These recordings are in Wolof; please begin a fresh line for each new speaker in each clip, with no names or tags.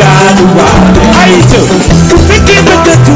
galuwa ay jëf ku fekkee bëggatu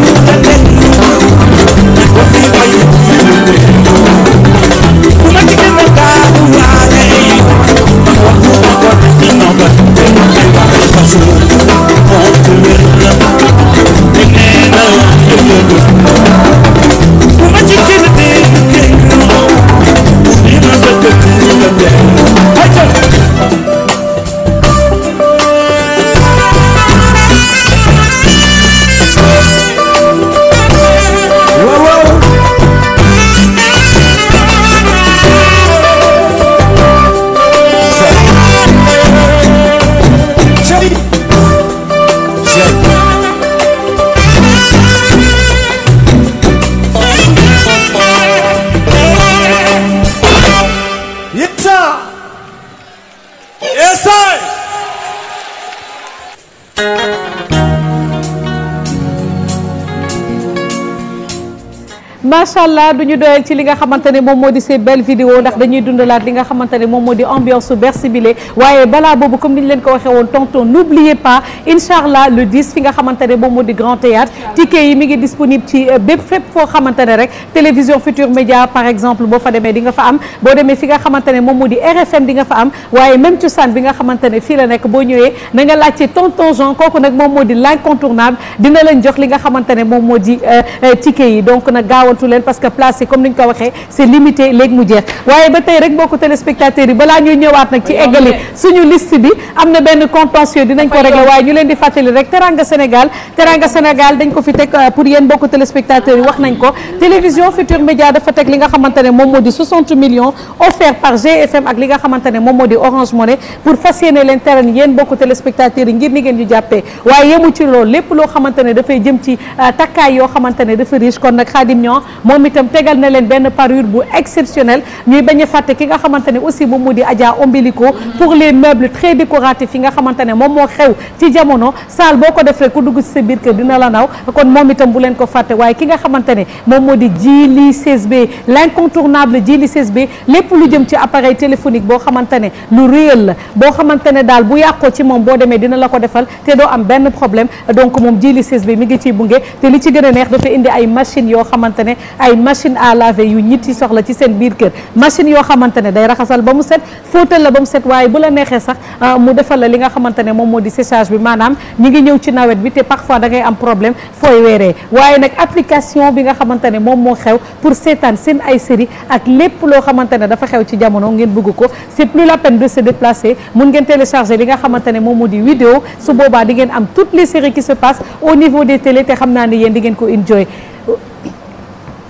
macha allah du ñu doyal ci li nga xamante ne moom moo di ces belles vidéos ndax dañuy dundalaat li nga xamante ne moom moo di ambiance su Bercy bile waaye balaa boobu comme ni ñu leen ko waxee woon tonton n'oubliez pas incha allah le 10 fi nga xamante ne moom di grand théâtre ticket yi mi ngi disponible ci euh, bépp fépp foo xamante ne rek télévision Futur Média par exemple boo fa demee di nga fa am boo demee fi nga xamante ne moom moo di RFM di nga fa am waaye même cosaan bi nga xamante ne fii la nekk boo ñëwee na nga laajte tonton Jean kooku nag moom moo di l'incontournable dina leen jox li nga xamante ne moom moo di euh, euh, ticket yi donc nag gaaw tontu leen parce que place yi comme ni ñu ko waxee c'est limité léegi mu jeex waaye ba tey rek mbokku téléspectateurs yi balaa ñuy ñëwaat nag ci eggali suñu liste bi am na benn contentieux dinañ ko régler waaye ñu leen di fàttali rek Teranga Sénégal Teranga Sénégal dañ ko fi teg euh, pour yéen mbokku téléspectateurs yi wax nañ ko télévision Futur Média dafa teg li nga xamante moom moo di 60 offert par GFM ak li nga xamante moom moo di Orange Money pour fas loo xamante ne dafay jëm euh, ans moom itam tegal na leen benn parure bu exceptionnelle ñuy bañ fàtte ki nga xamante ne aussi moom mu di Adja Ombilico pour les meubles très décoratifs yi nga xamante ne moom moo xew ci jamono saal boo ko def rek ku dugg ci sa biir kër dina la naw kon moom itam bu leen ko fàtte waaye ki nga xamante ne moom moo di Djily 16B l'incontournable Djily 16B lépp lu jëm ci appareil téléphonique boo xamante ne lu réel la boo xamante ne daal bu yàqoo ci moom boo demee dina la ko defal te benn problème donc moom Djily 16B ngi ciy bunge te li gën a neex dafa indi ay machines yoo xamante ne ne ay machine à laver yu ñit yi soxla ci seen biir kër machine yoo xamante ne day raxasal ba mu set fóotal la ba mu set waaye bu la neexee sax ah, mu defal la li nga xamante ne moom moo di séchage bi maanaam ñi ngi ñëw ci nawet bi te parfois da ngay am problème fooy weeree waaye nag application bi nga xamante ne moom moo xew pour seetaan seen ay série ak lépp loo xamante ne dafa xew ci jamono ngeen bëgg ko c'est plus la peine de se déplacer mun ngeen télécharger moom moo di vidéo naa yéen di ngeen ko enjoy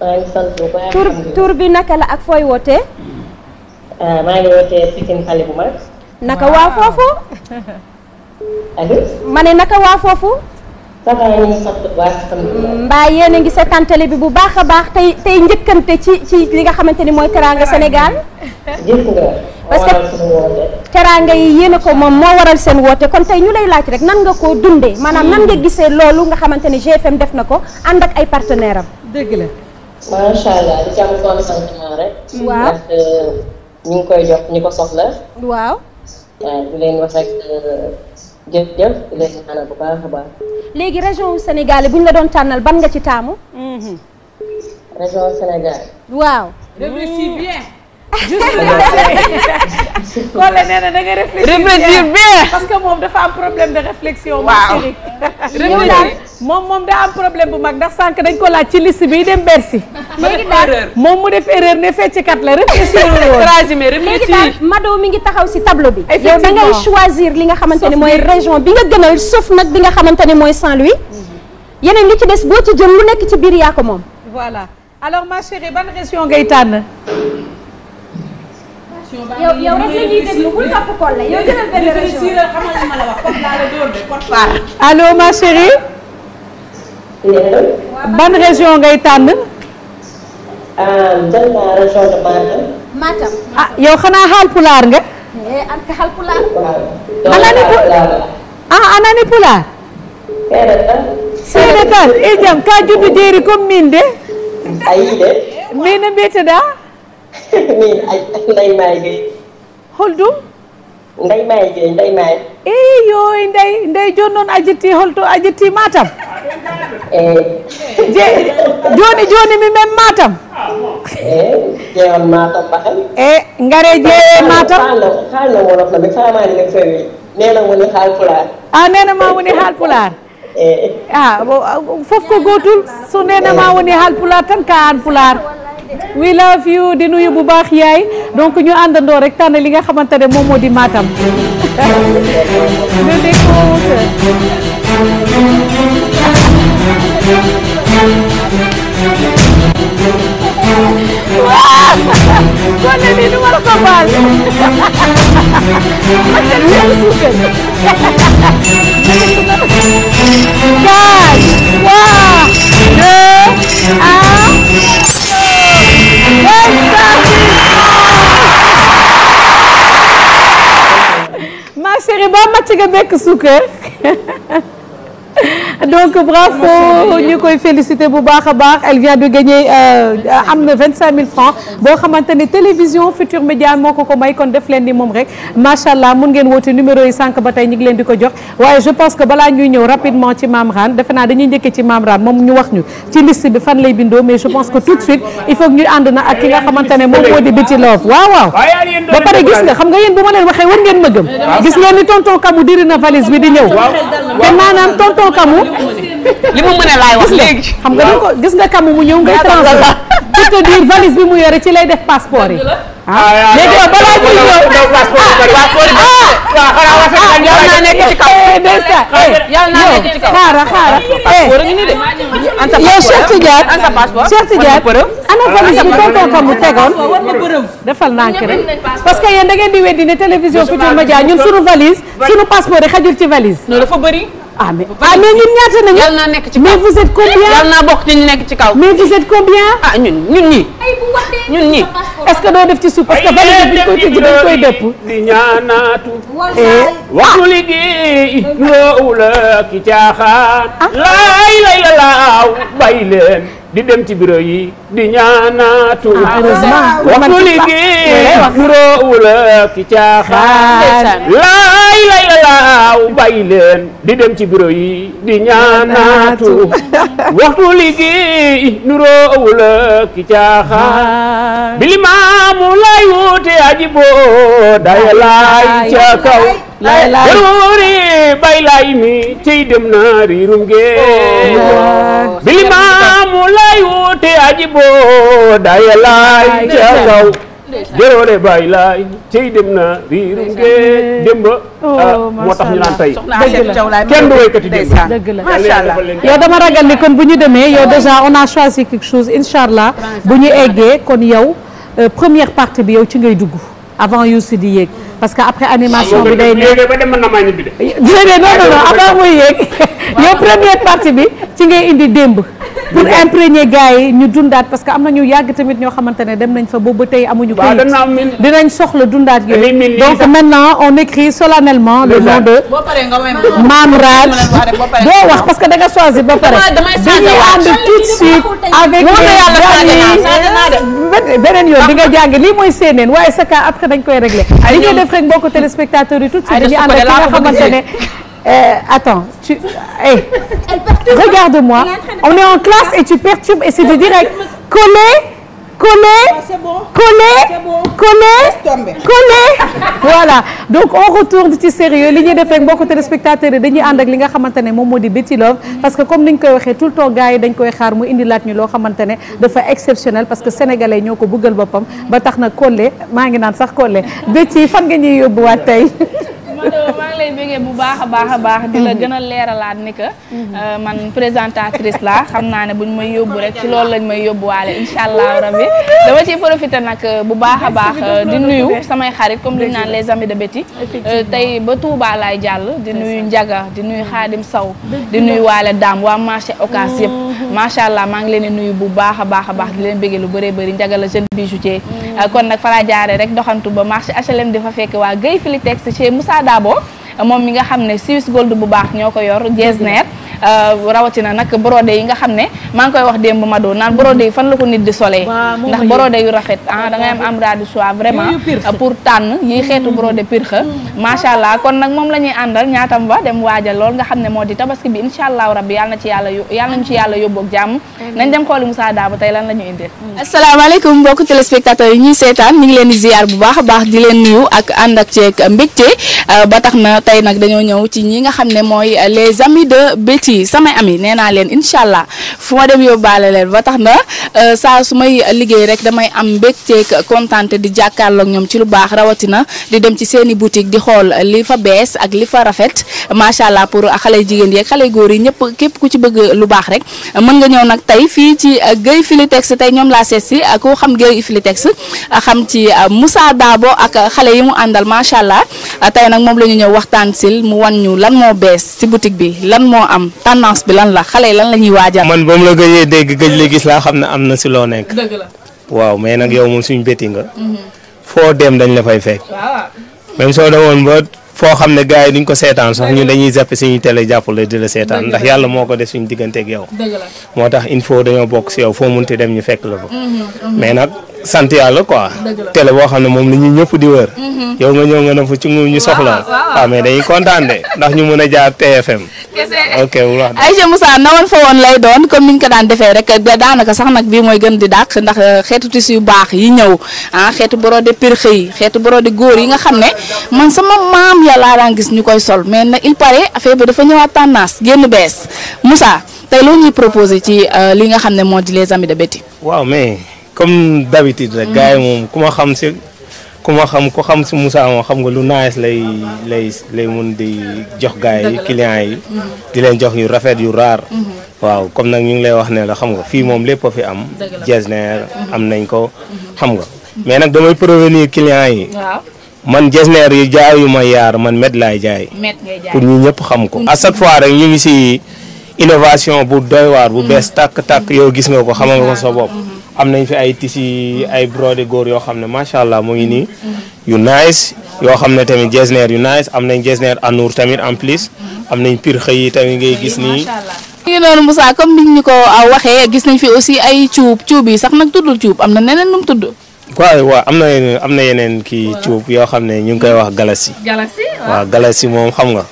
tur
tur bi naka la ak fooy woote
ah, maa ngi wootee Pikine
naka waa foofu. ma ne naka waa foofu. mbaa yéen a ngi sa télé bi bu baax a baax tey tey njëkkante ci ci li nga xamante ni mooy teraanga Sénégal. parce que teraanga yi yéen a ko moom moo waral seen woote kon tey ñu lay laaj rek nan nga koo dundee maanaam nan nga gisee loolu nga xamante ni GFM def na ko ànd ak ay partenaire am. dëgg la. macha allah di ci am consentement rek. waaw ñu ngi koy jox ñi ko soxla. waaw. waaw di leen wax rek jëf-jëf euh, leen ñaanal bu baax a baax. léegi région wu Sénégal bu la doon tànnal ban nga ci taamu. région Sénégal. waaw. Mmh. Mmh.
juste nee na parce que moom dafa am problème de réflexion. waaw moom moom daa am problème bu mag ndax
sànq dañ ko laaj ci liste bi dem Bercy. léegi daal moom mu def erreur ne fecckat la réfléchir woon. léegi daal Mado mi ngi taxaw si tableau bi. yow choisir li nga xamante ne mooy région bi nga gënal sauf nag bi nga xamante ne mooy Saint-Louis. yeneen li ci des boo ci jël lu nekk ci biir yaa ko moom.
voilà alors ma chérie ban région ngay tànn.
yow yow rek la ñuy déglu bul topp Kolda yow jëlal benn région
allo ma chérie. ban région ngay tànn. jël euh, naa région de Matam.
Matam ah yow
xanaa Haalpulaar nga.
Eh, ak Haalpulaar.
ah eh, jam ka juddu jeeri comme min de. ayi de. min mbete nii ay Ndeye Maye Gueye. noon a jettii holto a jettii Matam. je jooni jooni mi men Matam. jeewan ngare jeeye Matam. haalno wolof na woni haalpulaar. a a fof ko gootul so nenama woni haalpulaar tan ka aan pulaar. we love you di nuyu bu baax yaay donc ñu àndandoo rek tànn li nga xamante ne moom di Matam
le décompte
kon ne nii du war a ko baal
quatre trois
ma chérie boo màcc nga bekk suukar donc bravo ñu koy féliciter bu baax a baax elle vient de gagner euh, am na vingt cinq mille francs boo xamante télévision Futur Média moo ko ko may kon def leen ni moom rek macha allah mun ngeen woote numéro yi sànq ba tey ñu ngi leen di ko jox waaye je pense que balaa ñuy ñëw rapidement ci Mame Rane defe naa dañuy njëkkee ci Mame Rane moom ñu wax ñu ci liste bi fan lay bindoo mais je pense que tout de suite il faut ñu ànd na ak ki nga xamante moom moo di leen waxee war ngeen na valise bi di li mu mën a laay wax léegi. xam nga ko gis nga kamu mu ñëw ngay transfert. pour te dire valise bi mu yore ci lay def passeport yi. ah, ah léegi ah. Ah, yow
balaa ñuy nekk ci kaw. Eh, eh, eh, yow naa nekk ci kaw xaaral xaaral. passeport ngi nii de. yow Cheikh Tidiane. Cheikh ana valise bi tonton kamu tegoon.
defal nànk rek parce que yéen da ngeen di weddi ne télévision Futurs Médias ñun suñu valise. suñu passeport yi xajul ci valise. dafa bëri. ah mais ah ñaata nañu. yal naa nekk ci kaw mais vous êtes combien. yal naa
ci kaw. mais vous êtes combien. ah ñun ñun ñii. ñun que doo def ci suuf parce que valise bi koy tëj dañ koy dëpp. di ñaanaatu. waxtu eh, liggéey.
loo la ki caaxaan. Ah. laay lay la laaw bàyyi leen. di dem ci bureau yi di ñaanaatu. Ah, heureusement waxtu liggéey. loo la ki caaxaan. lay la laaw leen di dem ci bureau yi di ñaanaatu waxtu liggéey nuroowul ki caaxaan bi limaamu lay wuute aji boo day laay ca kaw bay laay mi ciy dem na riirum géej oh, bi lay wuute aji boo day laay ca déroole bàyyi laay cey dem na riirum géej démb moo tax ñu naan tey kenn du woykati démb dëgg la yow
dama ragal ni kon bu ñu demee yow déjà on a choisi quelque chose incha allah bu ñu eggee kon yow première partie bi yow ci ngay dugg avant Youssou di yéeg parce que après animation bi day nekk ba dem na maa yow première partie bi ci ngay indi démb pour imprégner gars yi ñu dundaat parce que am na ñu yàgg tamit ñoo xamante ne dem nañ fa boobu ba tey amuñu kayit dinañ soxla dundaat yooyu donc maintenant on écrit solennellement le nom de
Mame Rad doo wax parce
que da nga choisir ba pare dañuy ànd tout de suite beneen yoon di nga jàng lii mooy séeneen waaye sa cas après dañ koy régler li ngay def rek mbokk téléspectateurs yi tout de suite dañuy ànd ak ki Euh, attends, tu hey, regarde-moi. On est en classe et tu perturbes et c'est de direct. Coller, coller, coller, coller, coller. Voilà. Donc on retourne ci sérieux li ñuy def rek mbokku téléspectateurs yi dañuy ànd ak li nga xamante ne moom moo di Betty Love parce que comme ni ñu koy waxee tout le temps gars yi dañ koy xaar mu indilaat ñu loo xamante ne dafa exceptionnel parce que sénégalais ñoo ko bëggal boppam ba tax na coller maa ngi naan sax coller Betty fan nga ñuy yóbbuwaat tey.
ngi lay bégee bu baax a baax a baax di la mm-hmm. gën a leeralaat ni que euh, man présentatrice la xam naa ne buñ may yóbbu rek ci loolu lañ may yóbbu incha allah rabbi dama ciy profité nag euh, bu baax a baax euh, di nuyu samay xarit comme li naan les amis de Betty tey ba Touba laay jàll di nuyu Njaga di nuyu Xaadim mm-hmm. Saw di nuyu waale Daam waa marché Ocass yëpp mm-hmm. macha allah maa ngi leen di nuyu bu baax a baax baax di leen bégee lu bëree bëri Njaga la jeune bijoutier kon nag fa laa rek doxantu ba marché HLM di fa fekk waa Guèye Filitex chez Moussa Dabo moom mi nga xam ne Swiss Gold bu baax ñoo ko yor Getzner Euh, rawatina nag brodé yi nga xam ne maa ngi koy wax démb Mado naan brodé yi fan la ko nit di solee ndax brodé yu rafet ah da ngay am am raadu choix vraiment pour tànn yi xeetu mm. brodé pirxa mm. macha allah kon nag moom la ñuy àndal ñaatam wa dem waajal lool nga xam ne moo di tabaski bi incha allahu rabbi yàlla na ci yàlla yàlla nañu ci yàlla yóbbu ak jàmm nañ dem xooli Moussa Daba tey lan la ñu indil mm. asalaamaaleykum mbokk téléspectateurs yi ñuy seetaan ñu ngi leen di ziar bu baax a baax di euh, na tey nag dañoo ci ñi nga xam ne mooy les amis de xarit yi samay ami nee naa leen incha allah fu ma dem yóbbaale leen ba tax na euh, saa su may liggéey rek damay am mbégteeg kontaante di jàkkaarloog ñoom ci lu baax rawatina di dem ci seeni boutique di xool li fa bees ak li fa rafet macha allah pour xale yi jigéen yi ak xale góor yi ñëpp képp ku ci bëgg lu baax rek mën nga ñëw nag tey fii ci euh, Gueye Filitex tey ñoom laa seet si ak euh, ku xam Gueye Filitex xam ci musaa daabo ak xale yi mu àndal macha allah tey nag moom la ñu ñëw waxtaan sil mu wan ñu lan moo bees ci boutique bi tendance bi lan la xale yi lan la ñuy waajal. man
ba mu la gëjee dégg gëj la gis laa xam ne am na si loo nekk. waaw mais nag yow moom suñu bétti nga. Mhm. foo dem dañ la fay fekk. même soo woon ba foo xam ne gars yi duñ ko seetaan sax ñun dañuy zapp suñu télé jàppale di la seetaan ndax yàlla moo ko def suñu digganteeg yow. moo tax il faut dañoo bokk si yow foo munti dem ñu fekk la ko. Mhm, mhm. mais nag. sant yàlla quoi télé boo xam ne moom la ñuy ñëpp di wër mm-hmm. yow nga ñëw nga ne fa ci nguur ñu soxla waaw ah, mais dañuy kontaan de ndax ñu mën a jaar TFM ok wul wax Aïcha
Moussa na woon fa woon lay doon comme niñ ko daan defee rek daanaka sax nag bii mooy gën di dàq ndax euh, xeetu tissu yu baax yi ñëw ah xeetu borode pirxe yi xeetu de góor yi nga xam ne man sama maam yàlla daan gis ñu koy sol mais nag il paraît affaire bi dafa ñëwaat tendance génn bees Moussa tey loo ñuy proposé euh, li nga xam ne moo di les amis de
comme d'habitude rek gars moom ku ma xam si ku xam ku xam si Moussa moom xam nga lu nice lay lay lay mun di jox gars yi clients yi mm-hmm. di leen jox yu rafet yu raar mm-hmm. waaw comme nag ñu ngi lay wax nee la xam nga fii moom lépp a fi am jesner mm-hmm. am nañ ko xam nga mais nag damay prévenir clients yi man jesner yu jaay yu ma yaar man met laay jaay pour ñu ñëpp xam ko à chaque fois rek ñu ngi si innovation bu doy waar bu bees tàkk-tàkk yow gis nga ko xamal nga ko soo bopp am nañ fi ay tissus ay brodé góor yoo xam ne macha allah mu ngi nii yu nice yoo xam ne tamit jesner yu nice am nañ jesner anour tamit en plus am nañ pir xëy yi tamit ngay gis nii. ñu
ngi noonu Moussa comme niñ ñu ko ah, waxee gis nañ fi aussi ay cuub cuub yi sax nag tuddul cuub am na neneen nu tudd.
waaye waa am na yeneen am na yeneen kii cuub yoo xam ne ñu ngi koy wax galaxy.
galaxy waaw
galaxy moom xam nga.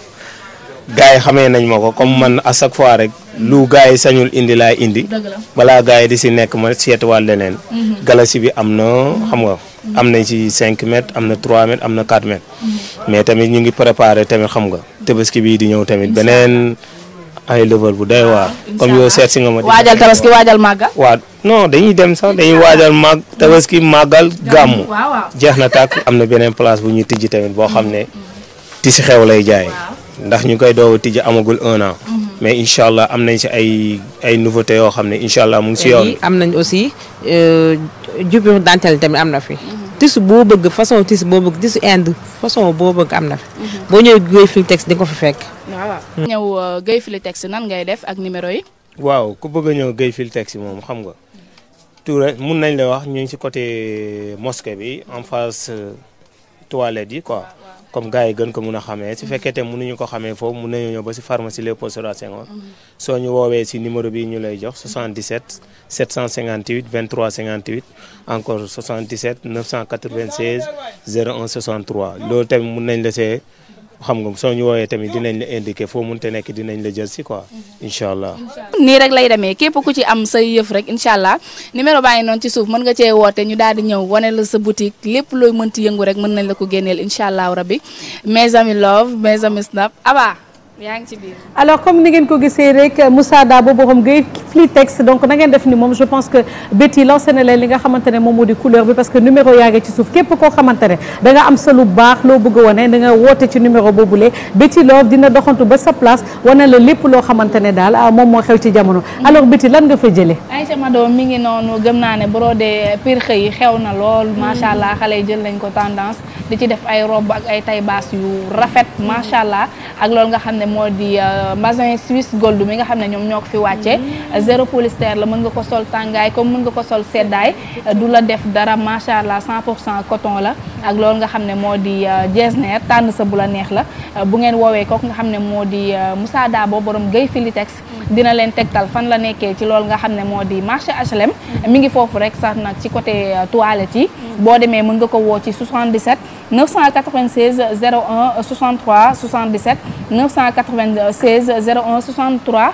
gars yi xamee nañ ma ko comme man à chaque fois rek lu gars yi sañul indi laay indi balaa gars yi di si nekk ma seetuwaat leneen mhm. galasi bi am na mhm. xam nga am nañ si cinq mètres am na trois mètres am na quatre mhm. mais tamit ñu ngi préparé tamit xam nga tabaski bii di ñëw tamit beneen ay level bu day waar ah, comme yow seet si nga ma waajal tabaski waajal màggal waaw non dañuy dem sax dañuy waajal màgg tabaski màggal gàmmu
jeex na tàkk
am na beneen place bu ñuy tijji tamit boo xam ne ti si xew lay jaay ndax ñu koy doo a tijji amagul un an. mais incha allah am nañ si ay ay nouveauté yoo xam ne incha allah mu ngi si yoon.
am nañ aussi euh, jubur dentelle tamit am na fi. tissu boo bëgg façon tissu boo bëgg tissu inde façon boo bëgg am na fi. boo ñëwee Gueye Filitex di ko fi fekk.
waaw ñëw euh, Gueye Filitex nan ngay def ak numéro yi.
waaw ku bëgg a ñëw Gueye Filitex moom xam nga. tout mun nañ la wax ñu ngi si côté euh, mosquée bi en face toilette yi quoi. comme gars yi gën ko mun a xamee su mm-hmm. fekkee te mënuñu ko xamee foofu mun nañu ñëw ba si pharmacie Léopold Sédar Senghor mm-hmm. soo ñu woowee si numéro bi ñu lay jox 77 758 23 58 encore 77 996 01 63 loolu tamit mun nañ la see xam nga soo ñu woowee tamit dinañ la indiquer foo mënte nekk dinañ la jël si quoi mhm. incha
nii rek lay demee képp ku ci am say yëf rek incha allah numéro baa ci suuf mën nga cee woote ñu daal ñëw wane la sa boutique lépp looy mënti yëngu rek mën nañ la ko génneel incha allah rabi mes love mes amis snap aba yaa ngi ci biir
alors comme ni ngeen ko gisee rek Moussa Dabo borom ngay Flitex donc na ngeen def ni moom je pense que Betty lancé na leen li nga xamante moom moo di couleur bi parce que numéro yaa ngi ci suuf képp koo xamante ne da nga am sa lu baax loo bëgg a wane da nga woote ci numéro boobule Betty Love dina doxantu ba sa place wane la lépp loo xamante ne daal ah, moom moo xew ci jamono alors Betty lan nga fa jëlee
Aïcha Madom mi ngi noonu gëm naa ne brodé pirxe yi xew na lool mm. macha allah xale yi jël nañ ko tendance di ci def ay robe ak ay taille basse yu rafet mm. macha ak loolu nga xam ne moo di euh, Mazin Suisse Gold mi nga xam ne ñoom ñoo ko fi wàcce mm-hmm. zéro polyester la mën nga ko sol tàngaay comme mën nga ko sol seddaay du la def dara macha allah 100 cent coton la ak loolu nga xam ne moo di Getzner euh, tànn sa bu la neex la euh, bu ngeen woowee kooku nga xam ne moo di Moussa Dabo borom Gueye Filitex dina leen tegtal fan la nekkee ci loolu nga xam ne moo di marché HLM mi ngi foofu rek sax nag ci côté euh, toilette yi mm. boo demee mën nga ko woo ci 77 996 01 63 77 996 01 63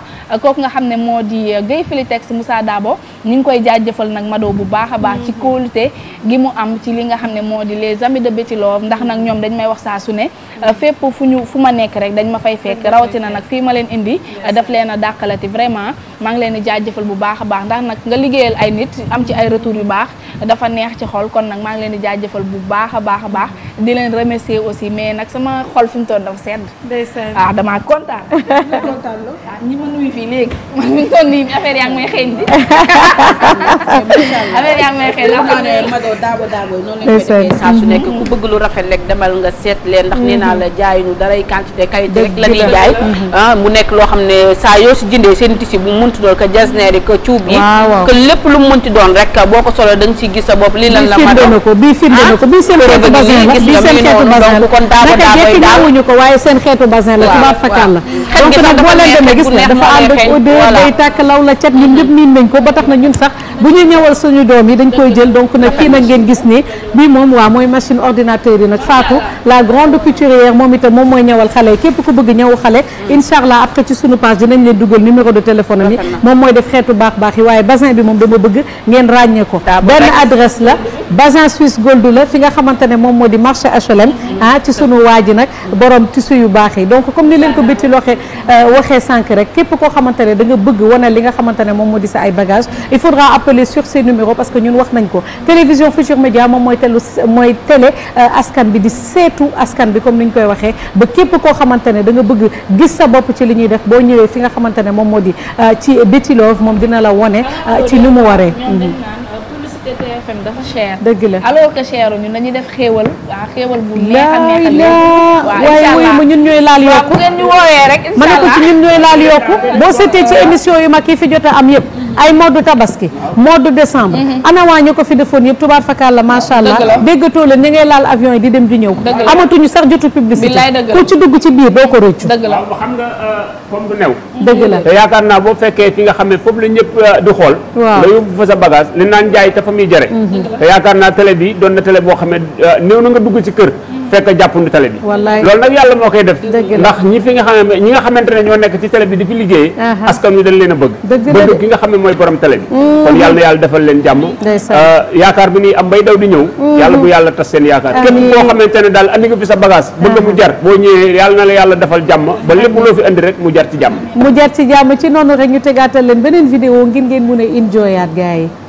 kooku nga xam ne moo di euh, Guèye Filitex Moussa Dabo ñu ngi koy jaajëfal nag Mado bu baax a baax ci mm. kóolute gi mu am ci li nga xam ne moo di les amis de Béti ndax nag ñoom dañ may wax saa su ne euh, fépp fu ñu fu ma nekk rek dañ ma fay fekk rawatina nag fii ma leen indi daf leen a dàqal xalati vraiment maa ngi leen di jaajëfal bu baax a baax ndax nag nga liggéeyal ay nit am ci ay retour yu baax dafa neex ci xol kon nag maa ngi leen di jaajëfal bu baax a baax a baax di leen remercier aussi mais nag sama xol fi mu toll dafa sedd. ndeysaan ah damaa kontaan. kontaan la ah ñi ma nuyu fii léegi fi mu toll nii affaire yaa ngi may xeeñ di. affaire yaa ngi may xeeñ dafa ne ma
doo daabo daabo noonu nekk
bëgg lu rafet rek demal nga seet leen ndax naa mm-hmm. la jaay nu daray quantité qualité rek la ñuy jaay mm-hmm. ah, loo xam ne saa yoo si jëndee seen tissu bu mu mënti doon que jasneer yi que cuub yi que lépp lu mu mënti doon rek boo ko solo da nga ciy gis sa bopp lii lan la ma doon bii
firnde na na ko bii seen xeetu basin la bii seen xeetu basin ko waaye seen la tubaab fakkaan gis nga dafa ànd ak odeur day tàkk law la cat ñun ñëpp miin nañ ko ba tax na sax bu ñu ñëwal suñu doom yi dañ koy jël donc nag kii nag ngeen gis ni bii moom waaw mooy machine ordinateur yi nag Fatou la grande couturière moom itam moom mooy ñawal xale yi képp ko bëgg ñëw xale incha allah après ci suñu page dinañ leen dugal numéro de téléphone am yi moom mooy def xeetu baax baax yi waaye basin bi moom dama bëgg ngeen ràññee ko benn adresse la basin Suisse Gold la fi nga xamante ne moom moo di marché HLM ah ci sunu waa ji nag borom tissu yu baax yi donc comme ni leen ko bitti loxe euh, waxee sànq rek képp koo xamante ne da bëgg wane li nga xamante ne moom moo di sa ay bagage appeler sur ces numéros parce que ñun wax nañ ko télévision Futur Média moom mooy télé euh, askan bi di seetu askan bi comme ni ñu koy waxee ba képp koo xamante ne da bëgg gis sa bopp ci li ñuy def boo ñëwee fi nga xamante ne moom moo di euh, ci Betty Love moom dina la wone euh, ci ni mu waree mhm.
dëgg la alors que cher ñu nañu def xéewal waa xéewal waaye wuyu ma ñun ñooy laal yokku ma ne ko ci ñun ñooy laal yokku boo seetee ci émission
yu mag yi fi jot a am yëpp ay mode tabaski mode décembre mhm. ana waa ñu ko fi defoon yëpp tubaar fakkaar la macha allah déggatoo leen ñi ngay laal avion yi di dem di ñëw amatuñu sax jotu publicité ku ci dugg ci biir
doo ko rëccu xam nga euh, comme du new dëgg la te yaakaar naa boo fekkee fi nga xam ne foofu la ñëpp euh, di xool waaw nga yóbbu fa sa bagage li naan jaay te fa muy jëre mhm. te yaakaar naa tele bi doon na télé boo xam ne euh, néew na nga dugg ci kër fekk jàppandu télé bi loolu nag yàlla moo koy def ndax ñi fi nga xam ne ñi nga xamante ne ñoo nekk ci télé bi di fi liggéey askan wi dañ leen a bëgg bëgg ki nga xam ne mooy borom télé bi
mm. kon yàlla na yàlla
defal leen jàmm euh, yaakaar bi nii am bay daw di ñëw mm. yàlla bu yàlla tas seen yaakaar képp koo xamante ne daal andi nga fi sa bagage bëgg mu jar boo ñëwee yàlla na la yàlla defal jàmm ba lépp loo fi andi rek mu jar ci jàmm
mu jar ci jàmm ci noonu rek ñu tegaatal leen beneen vidéo ngir ngeen mun a enjoyaat